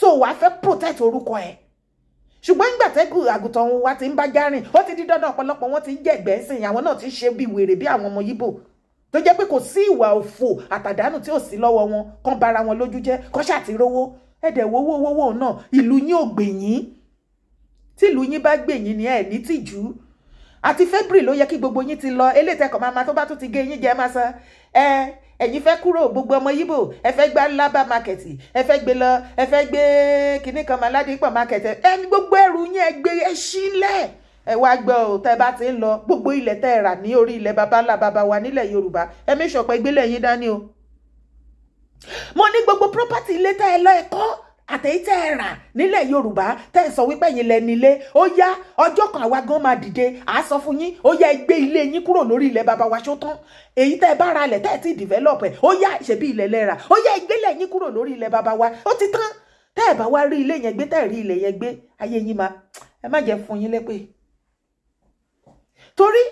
so wàá fẹ́ protect orúkọ ẹ̀ ṣùgbọ́n nígbà tẹ́gùn àgùntàn wa ti ń bá járìn ó ti di dandan ọ̀pọ̀lọpọ̀ wọn ti ń jẹ̀gbẹ́ sìn àwọn náà ti ń ṣe bí wèrè bí àwọn ọmọ Yíbò tó jẹ́ pé kò sí ìwà òfò àtàdánù tí ò sí lọ́wọ́ wọn kán bara wọn lójú jẹ́ kán ṣàtìrówó ẹ̀dẹ̀ wowó wowó náà ìlú yín ò gbè yín tí ìlú yín bá gbè yín ni ẹ̀ ní tìjú àti february ló yẹ kí gbogbo yín ti lọ elétẹkọ̀ máa ma tó bá tún ti gé yín jẹ máa san ẹ ẹ̀yin fẹ́ kúrò gbogbo ọmọ yíbo ẹ fẹ́ gbá lábà market ẹ fẹ́ gbé lọ ẹ fẹ́ gbé kinní kan maládìpọ̀ market ẹni gbogbo ẹrù yín ẹ gbé ẹ sílẹ̀ ẹ wá gbọ́ ọ bá ti ń lọ gbogbo ilẹ̀ tẹ́ rà ní orí ilẹ̀ babalá baba wa nílẹ̀ yorùbá ẹ mí gbélé yín dání o mo ní gbogbo property ilé tẹ́ ẹ lọ ẹ kọ́ àtẹ̀yìntẹ́ ẹ̀ rà nílẹ̀ yorùbá tẹ́ ẹ̀ sọ wípé yín lẹ́ni ilé ó yá ọjọ́ kan àwa gan máa dìde à á sọ fún yín ó yá ẹ ilé yín kúrò lórí ilẹ̀ baba wa ṣótán èyí tẹ́ ẹ bá ra ilẹ̀ tẹ́ ẹ ti develop ẹ̀ ó yá ṣèbí ilẹ̀ lẹ́ra ó yá ẹ gbélé yín kúrò lórí ilẹ̀ baba wa ó ti tán tẹ́ ẹ bá wá rí ilé yẹn gbé tẹ́ ẹ rí ilẹ̀ yẹn gbé ayé yín máa ẹ má jẹ́ fún yín lépè torí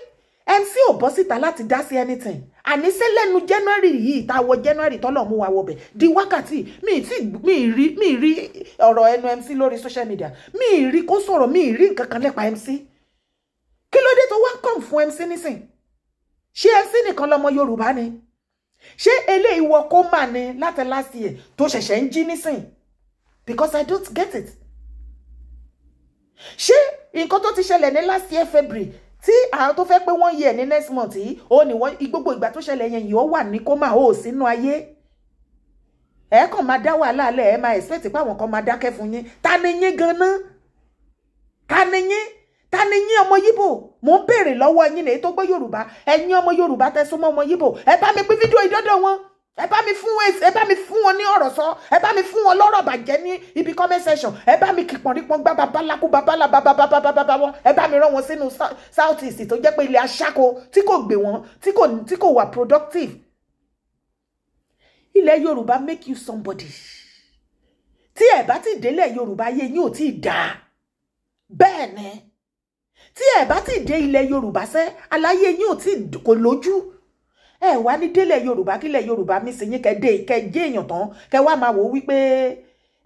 MC ò bọ́ síta láti dá sí anything àníṣe lẹ́nu January yìí tá a wọ January tọ́lọ̀ mú wa wọbẹ̀ di wákàtí mi ì mi ì rí mi ì rí ọ̀rọ̀ ẹnu MC lórí social media mi ì rí kó sọ̀rọ̀ mi ì rí nǹkan kan nípa MC kí ló dé tó wá kàn fún MC nísìn ṣé MC nìkan lọmọ Yorùbá ni ṣé eléyìí wọ kó mà ní láti last year tó ṣẹ̀ṣẹ̀ ń jí nísìn because I don't get it ṣé nǹkan tó ti ṣẹlẹ̀ ní last year February tí àwọn tó fẹ́ pé wọ́n yẹ ní next month yìí ó ní wọ́n gbogbo ìgbà tó ṣẹlẹ̀ yẹn yìí ó wà ní kómà ó sínú ayé ẹ kàn máa dá wàhálà alẹ́ ẹ máa expect pé àwọn kan máa dákẹ́ fún yín ta ni yín ganan ta ni yín ta ni yín ọmọ yíbò mò ń béèrè lọ́wọ́ yín lèyí tó gbọ́ yorùbá ẹ̀yin ọmọ yorùbá tẹ́ súnmọ́ ọmọ yíbò ẹ bá mi pín fídíò ìdọ́dọ̀ wọn ẹ bá mi fún ẹ bá mi fún wọn ní ọ̀rọ̀ sọ ẹ bá mi fún wọn lọ́rọ̀ bàjẹ́ ní ibi comment section ẹ bá mi kìpọ̀n nípọn gbá babaláku babalá babababababa wọn ẹ bá mi rán wọn sínú south east tó jẹ́ pé ilẹ̀ aṣáko tí kò gbé wọn tí kò tí kò wà productive ilẹ̀ Yorùbá make you somebody tí ẹ bá ti délẹ̀ Yorùbá ayé yín ò tí ì dáa bẹ́ẹ̀ ni tí ẹ bá ti dé ilẹ̀ Yorùbá sẹ́ aláyé yín ò kò lójú ẹ wá ní délẹ̀ yorùbá kílẹ̀ yorùbá mi sì yín kẹ́dé kẹjẹ́ èèyàn tán kẹ wá máa wò ó wípé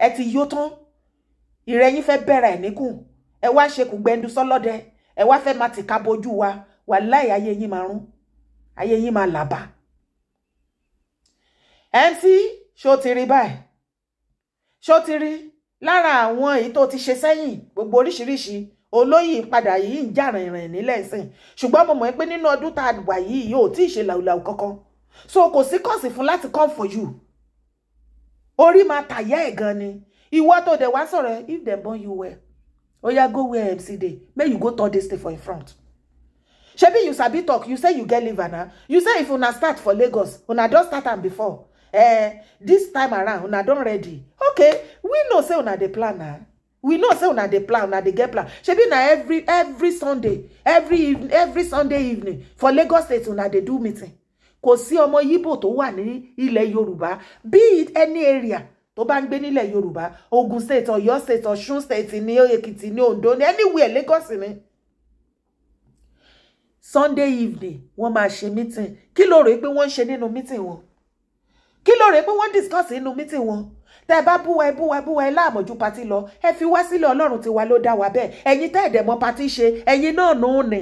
ẹ ti yó tán ìrẹ́yìn fẹ́ bẹ̀rẹ̀ ẹ̀ ẹ wá ṣe kùgbẹ́ndu sọ́lọ́dẹ ẹ wá fẹ́ máa tìka bojú wa wàláì ayé yín máa rún ayé yín máa làbà MC ṣó ti rí báyìí ṣó ti rí lára àwọn èyí tó ti ṣe sẹ́yìn gbogbo oríṣiríṣi olóyè ìpadà yìí ń jà rìnrìn nílẹ̀ ìsìn ṣùgbọ́n mo mọ̀ pé nínú ọdún tá a wà yìí yóò tí ì ṣe làwùlàwù kankan so kò sí kọ́ọ̀sì fún láti come for you orí máa tàyẹ́ ẹ̀ gan ni ìwọ tó dẹ̀ wá sọ̀rọ̀ if dem born you well ya go where mc dey make you go turn dey stay for in front shebi you sabi talk you say you get liver na you say if una start for lagos una don start am before eh, this time around una don ready okay we know say una dey plan na. Eh? we know say una dey plan una dey get plan shebi na every every sunday every every sunday evening for lagos state una dey do meeting kò sí ọmọ yibo tó wà ní ilẹ̀ yorùbá be it any area tó bá ń gbé nílẹ̀ yorùbá ogun state ọ̀yọ́ state ọ̀ṣun state ní èkìtì ní ondo ní anywhere lagos ni sunday evening wọ́n máa ṣe meeting kí ló rèé pé wọ́n ń ṣe nínú meeting wọn kí ló rèé pé wọ́n ń discuss nínú meeting wọn tẹ́ bá búwa ẹ búwa ẹ búwa ẹ láàmọ̀jú patí lọ ẹ fi wá sílẹ̀ ọlọ́run tiwa ló dá wa bẹ́ẹ̀ ẹ̀yin tẹ́ ẹ̀dẹ̀mọ patí ṣe ẹ̀yin náà nù ún nì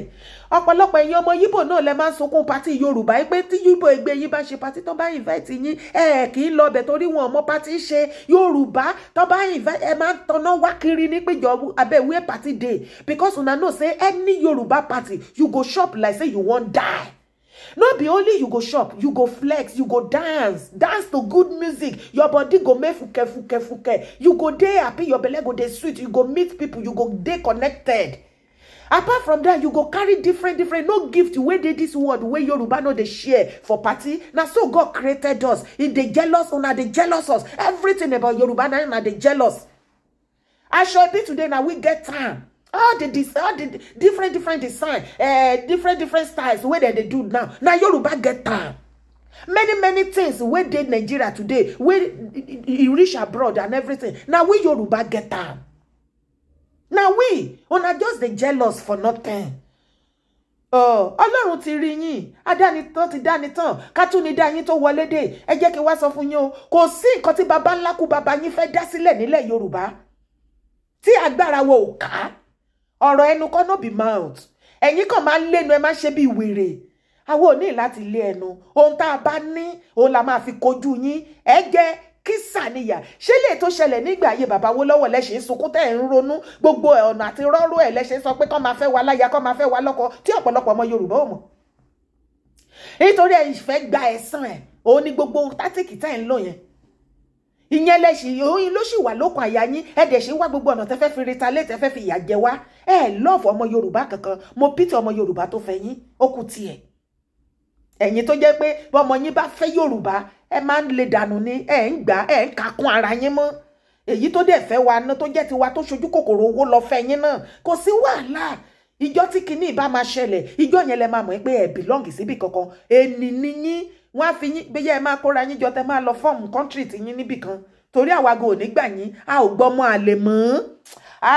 ọ̀pọ̀lọpọ̀ ọmọ yíbò náà lẹ máa ń sunkún patí yorùbá pé tí yíbò ẹgbẹ́ yín bá ṣe patí tó bá invite yín ẹ kì í lọbẹ̀ torí wọn ọmọ patí ṣe yorùbá tó bá invite ẹ máa ń tanná wá kiri nípìnjọ abẹ́wé party day because una know say any yorùbá party you go shop like say you wan die no be only you go shop you go flex you go dance dance to good music your body go make fuke fuke fuke you go dey happy your belle go dey sweet you go meet people you go dey connected apart from that you go carry different different no gift wey dey this world wey yoruba no dey share for party na so god created us he dey jealous una dey jealous us everything about yoruba na una dey jealous asoebi today na we get time all the design the different different design uh, different different styles wey dem dey do now na yoruba get am many many things wey dey nigeria today wey e, e, e reach abroad and everything na we yoruba get am na we una just dey jealous for nothing oh, ọlọ́run ti rí yín adánitán ti dánitán kátúnidá yín tó wọlé dé ẹ jẹ́ kí n wá sọ fún yín o kò sí nǹkan tí baba ńlá kú baba yín fẹ́ dá sílẹ̀ nílẹ̀ yorùbá tí agbára wo ò ká ọ̀rọ̀ ẹnu kọ́ no be mouth ẹ̀yin kàn máa ń lẹ́nu ẹ máa ń ṣe bí wèrè àwa ò ní láti lé ẹnu ohun tá a bá ní òun la máa fi kojú yín ẹ jẹ kísà níyà ṣé lè tó ṣẹlẹ̀ nígbà ayé bàbá wo lọ́wọ́ lẹ́sẹ̀ ń sunkún tẹ́ ẹ̀ ń ronú gbogbo ọ̀nà àti rọ́rọ́ ẹ̀ lẹ́sẹ̀ ń sọ pé kán máa fẹ́ wa láya kán máa fẹ́ wa lọ́kọ tí ọ̀pọ̀lọpọ̀ ọmọ Yorùbá ò mọ̀ nítorí ẹ̀ fẹ́ gba ẹ̀san ẹ̀ òun ni gbogbo tátìkì tẹ́ ẹ̀ ń lò yẹn ìyẹn lẹ́sìn òun ló sì wà lókun àyà yín ẹ̀ dẹ̀ ṣe ń wá gbogbo ọ̀nà tẹ́fẹ́ fi retaliate tẹ́fẹ́ fi ìyà jẹ wá ẹ lọ́ọ̀fù ọmọ yorùbá kankan mo pítì ọmọ yorùbá tó fẹ́ yín ó kù tiẹ̀ ẹ̀yin tó jẹ́ pé bọ́mọ yín bá fẹ́ yorùbá ẹ máa ń le dànù ni ẹ ń gbà ẹ ń kakún ara yín mọ́ èyí tó dẹ̀ fẹ́ wa ná tó jẹ́ tiwa tó ṣojú kòkòrò owó lọ fẹ́ yín náà kò sí wàhálà ìjọ tí kinní ìbá máa ṣẹlẹ̀ ìjọ yẹn lẹ máa mọ̀ pé ẹ bìlọ́ǹgì síbì kankan èmi ni yín wọ́n á fi yín bẹ́yẹ́ ẹ máa kóra yín jọ tẹ máa lọ fọ́ọ̀mù kọ́ńtírì tí yín níbì torí àwa gan ò ní gbà yín a ò gbọ́mọ àlè mọ́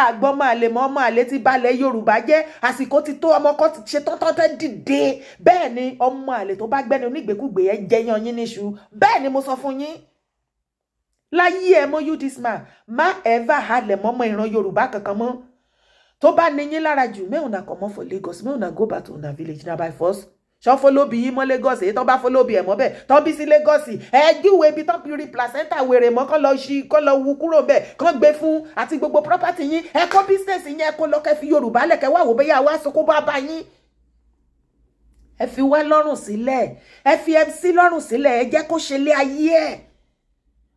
àgbọ̀mọ àlè mọ́ ọmọ àlè ti balẹ̀ Yorùbá jẹ́ àsìkò ti tó ọmọ kan ti ṣe tọ́tọ́tẹ́ dìde bẹ́ẹ̀ ni ọmọ àlè tó bá gbẹ́ni onígbèkúgbè yẹn jẹyan yín níṣu bẹ́ẹ̀ ni mo sọ fún yín láyé ẹ mọ́ you this man má ever halẹ̀ mọ́mọ́ ìran Yorùbá kankan mọ́ tó bá ní yín lára jù may una comot for Lagos may una go back to una village na by force ṣọ́ fọlọ́bì yìí mọ́ Lagos èyí tán bá fọlọ́bì ẹ̀ mọ́ bẹ́ẹ̀ tán bí sí Lagos ẹ júwe ibi tán piri placenta wèrè mọ́ kán lọ ṣí kán lọ wu kúrò bẹ́ẹ̀ kán gbé fún àti gbogbo property yín ẹ kọ́ business yẹn kó lọ kẹ́ fi Yorùbá lẹ̀kẹ́ wà wò bẹ́yà wá sokó bá bá yín ẹ fi wá lọ́rùn sílẹ̀ ẹ fi MC lọ́rùn sílẹ̀ ẹ jẹ́ kó ṣe lé ayé ẹ̀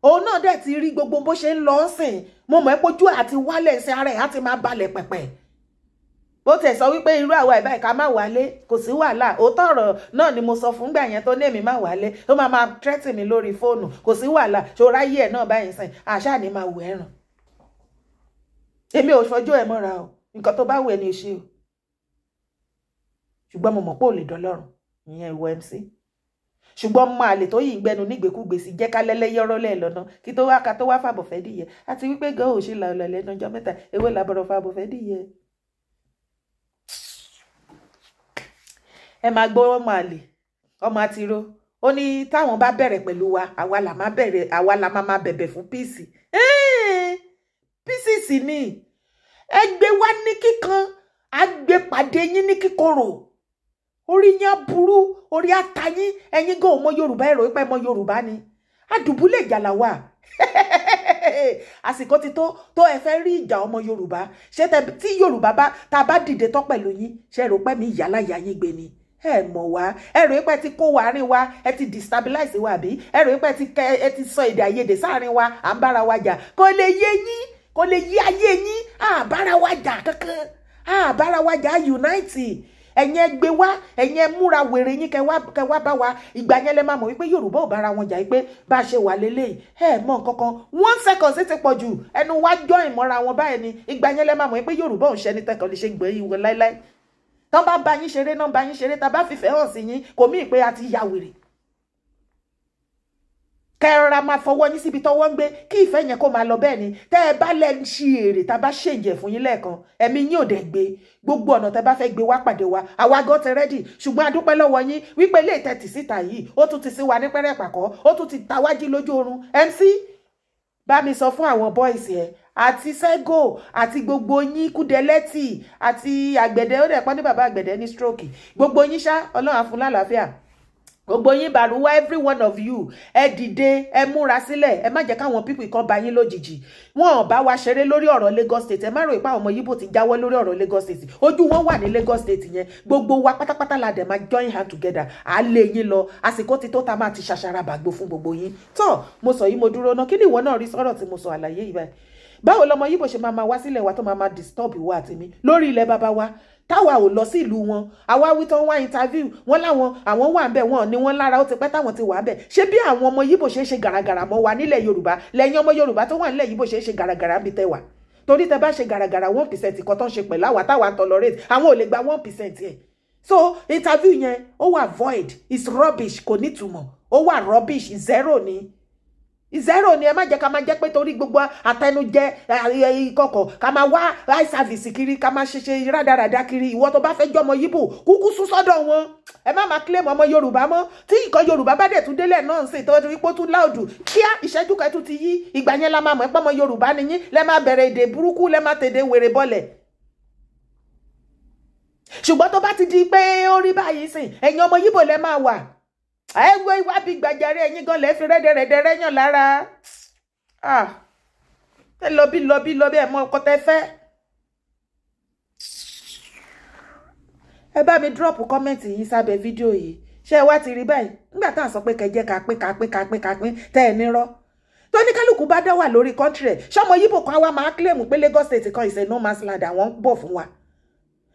òun náà dẹ̀ ti rí gbogbo bó ṣe ń lọ sìn mo mọ̀ ẹ́ pójú àti wálẹ̀ ṣe ara ẹ̀ á ti máa balẹ̀ pẹ̀pẹ̀ bó tẹ̀ sọ wípé irú àwa ẹ̀ báyìí ká má wálé kò sí wàhálà òótọ́ ọ̀rọ̀ náà ni mo sọ fún gbà yẹn tó ní èmi má wálé tó máa máa tẹ́tì mi lórí fóònù kò sí wàhálà ṣòro ayé ẹ̀ náà báyìí sìn àṣà ni máa wù ẹ̀ràn èmi ò fọjú ẹ̀ mọ́ra o nǹkan tó bá wù ẹ́ ni ṣe o ṣùgbọ́n mo mọ̀ pé ò lè dọlọ́run ìyẹn ìwọ MC ṣùgbọ́n mo àlè tó yìí gbẹnu nígbèkúgbèsì jẹ́ ká lẹ́lẹ́yẹ ọ̀rọ̀ lẹ́ẹ̀ lọ́nà kí tó wá ka tó wá fàbọ̀fẹ́ dìyẹ àti wípé gan-an ò ṣe làlọ́ lẹ́nu ọjọ́ mẹ́ta ewé làbọ̀rọ̀ fàbọ̀fẹ́ dìyẹ ẹ máa gbọ́ ọmọ àlè ọmọ àtiró ó ní táwọn bá bẹ̀rẹ̀ pẹ̀lú wa àwa là má bẹ̀rẹ̀ àwa là má má bẹ̀bẹ̀ fún píìsì píìsì ni ẹ gbé wá ní kíkan á gbé pàdé yín ní kíkorò orí yín á burú orí á ta yín ẹ̀yin gan ọmọ Yorùbá èrò pé ọmọ Yorùbá ni àdùbúlẹ̀ ìjàlá wà àsìkò ti tó tó ẹ fẹ́ rí ìjà ọmọ Yorùbá ṣé tí Yorùbá bá tá a bá dìde tán pẹ̀lú yín ṣe rò pé mi ìyálà ìyá yín gbé ni ẹ mọ̀ wá ẹ rò pé ti kó wa rin wa ẹ ti destabilize wa àbí ẹ rò pé ti kẹ ẹ ti sọ èdè àìyedè sáàrin wa à ń bára wa jà kò lè yé yín kò lè yé ayé yín à bára wa jà kankan à bára wa jà unite ẹ̀yin ẹ gbé wá ẹ̀yin ẹ múra wèrè yín kẹ wá kẹ wá bá wa ìgbà yẹn lẹ máa mọ̀ wípé yorùbá ò bára wọn jà wípé bá a ṣe wà lélẹ́yìí ẹ mọ̀ kankan one second sí ti pọ̀ jù ẹnu wá jọ ìmọ̀ra wọn báyìí ni ìgbà yẹn lẹ máa mọ̀ wípé yorùbá ò ń ṣẹni tẹkọ̀ lè ṣe gbẹ̀yìn wọn láéláé tán bá bá yín ṣeré náà bá yín ṣeré tá a bá fìfẹ́ hàn sí yín kò mí pé a ti ya wèrè kẹrọra máa fọwọ́ yín síbi tọwọ́ ń gbé kí ìfẹ́ yẹn kó máa lọ bẹ́ẹ̀ ni tẹ́ ẹ bá lẹ́ ń ṣe èrè tá a bá ṣèjẹ̀ fún yín lẹ́ẹ̀kan ẹ̀mí yín ò dẹ̀ gbé gbogbo ọ̀nà tẹ́ bá fẹ́ gbé wá pàdé wa àwa gan ti rẹ́dì ṣùgbọ́n a dúpẹ́ lọ́wọ́ yín wípé ilé ìtẹ́tì síta yìí ó tún ti sí wa ní pẹ́rẹ́ pàkọ́ ó tún ti tawájí lójú oorun MC bá mi sọ fún àwọn boys yẹn àti sego àti gbogbo yín kúdẹlẹtì àti àgbẹ̀dẹ ó dẹ̀ pọ́n ní bàbá àgbẹ̀dẹ ní stroke gbogbo yín ṣá ọlọ́run á fún gbogbo yín bàrúwá every one of you ẹ dìde ẹ múra sílẹ̀ ẹ má jẹ́ káwọn pípì kan bá yín lójijì wọn ò bá wa ṣeré lórí ọ̀rọ̀ Lagos State ẹ má rò ipá ọmọ Yíbò ti jáwọ́ lórí ọ̀rọ̀ Lagos State ojú wọn wà ní Lagos State yẹn gbogbo wa pátápátá la dẹ̀ máa join hand together à á lé yín lọ àsìkò ti tó ta máa ti ṣàṣàrà bàgbó fún gbogbo yín tó mo sọ yìí mo dúró ná kí ni ìwọ náà rí sọ̀rọ̀ tí mo sọ àlàyé yìí báyìí báwo lọmọ yìbò ṣe máa ma wá sílẹ̀ wa tó máa ma disturb wa àtèmi lórí ilẹ̀ bàbá wa táwa ò lọ sí ìlú wọn àwa wí tán wá interview wọn láwọn àwọn wà ń bẹ wọn ni wọn lára ó ti pẹ́ táwọn ti wà ń bẹ ṣé bí àwọn ọmọ yìbò ṣe ṣe gàràgàrà mọ́ wa nílẹ̀ yorùbá lẹ́yìn ọmọ yorùbá tó wà nílẹ̀ yìbò ṣe ń ṣe gàràgàrà bí tẹwà torí tẹ bá ṣe gàràgàrà one percent kan tó ń ṣe pẹ̀lú àwa táwa ń tolerate àwọn ò lè gba one percent yẹn so interview yẹn ó wà void it's rubbish kò nítumọ̀ ó wà rubbish zero ni zero ni ẹ má jẹ́ ká máa jẹ́ pé torí gbogbo àtẹnujẹ ìkọ̀kọ̀ ká máa wá eye service kiri ká máa ṣe ṣe rádaràda kiri ìwọ tó bá fẹ́ jọmọ yíbò kúkú sún sọ́dọ̀ wọn ẹ má máa claim ọmọ yorùbá mọ́ tí nǹkan yorùbá bá dẹ̀ tún délẹ̀ náà sì tọ́jú ipò tún láòdù kíá ìṣẹ́jú kẹtù ti yí ìgbà yẹn la máa mọ̀ pé ọmọ yorùbá ni yín lẹ́ máa bẹ̀rẹ̀ èdè burúkú lẹ́ máa tèdè wèrè bọ́lẹ̀ ṣùgbọ́n tó bá ti di pé ó rí báyìí sìn ẹ̀yin ọmọ yíbò lẹ́ máa wà ẹ wo ìwábi gbàjarè ẹ̀yin gan lẹ́ẹ̀ fi rẹ́dẹ̀rẹ́dẹ̀ rẹ́yàn lára ah, ẹ lọbí lọbí lọbí ẹ mọ ọkọ tẹ fẹ́. ẹ bá mi drop comment yìí sábẹ́ fídíò yìí ṣé ẹ wá ti rí báyìí nígbà tá à ń sọ pé kẹjẹ ká pín ká pín ká pín ká pín tẹ ẹ nírọ́ tó ní kálukú bá dá wà lórí kọ́ńtì rẹ̀ ṣọmọ yíbò kan wá máa kílèmù pé Lagos state kan ìṣe no man's land àwọn ń bọ̀ fún wa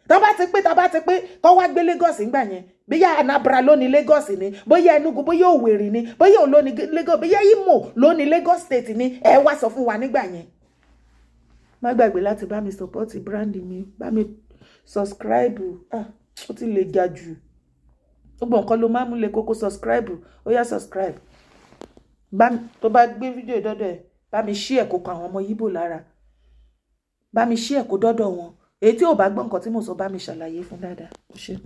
tó bá ti pé tó bá ti pé kọ́ wá gbé Lagos ńgbà yẹn bóyá Anambra ló Lagos ni bóyá Enugu bóyá Owerri ni bóyá òun ló Lagos bóyá Imo ló Lagos state ni ẹ wá sọ fún wa nígbà yẹn má gbàgbé láti bá mi support brand mi bá mi subscribe ah ó ti lè ga jù gbogbo nǹkan ló máa ń múlẹ̀ kókó subscribe ó yá subscribe bá mi tó bá gbé fídíò dọ́dọ̀ ẹ̀ bá mi ṣí ẹ̀ kó kan àwọn ọmọ yíbò lára bá mi ṣí ẹ̀ kó dọ́dọ̀ wọn èyí tí ò bá gbọ́ nǹkan tí mo sọ bá mi ṣàlàyé fún dáadáa.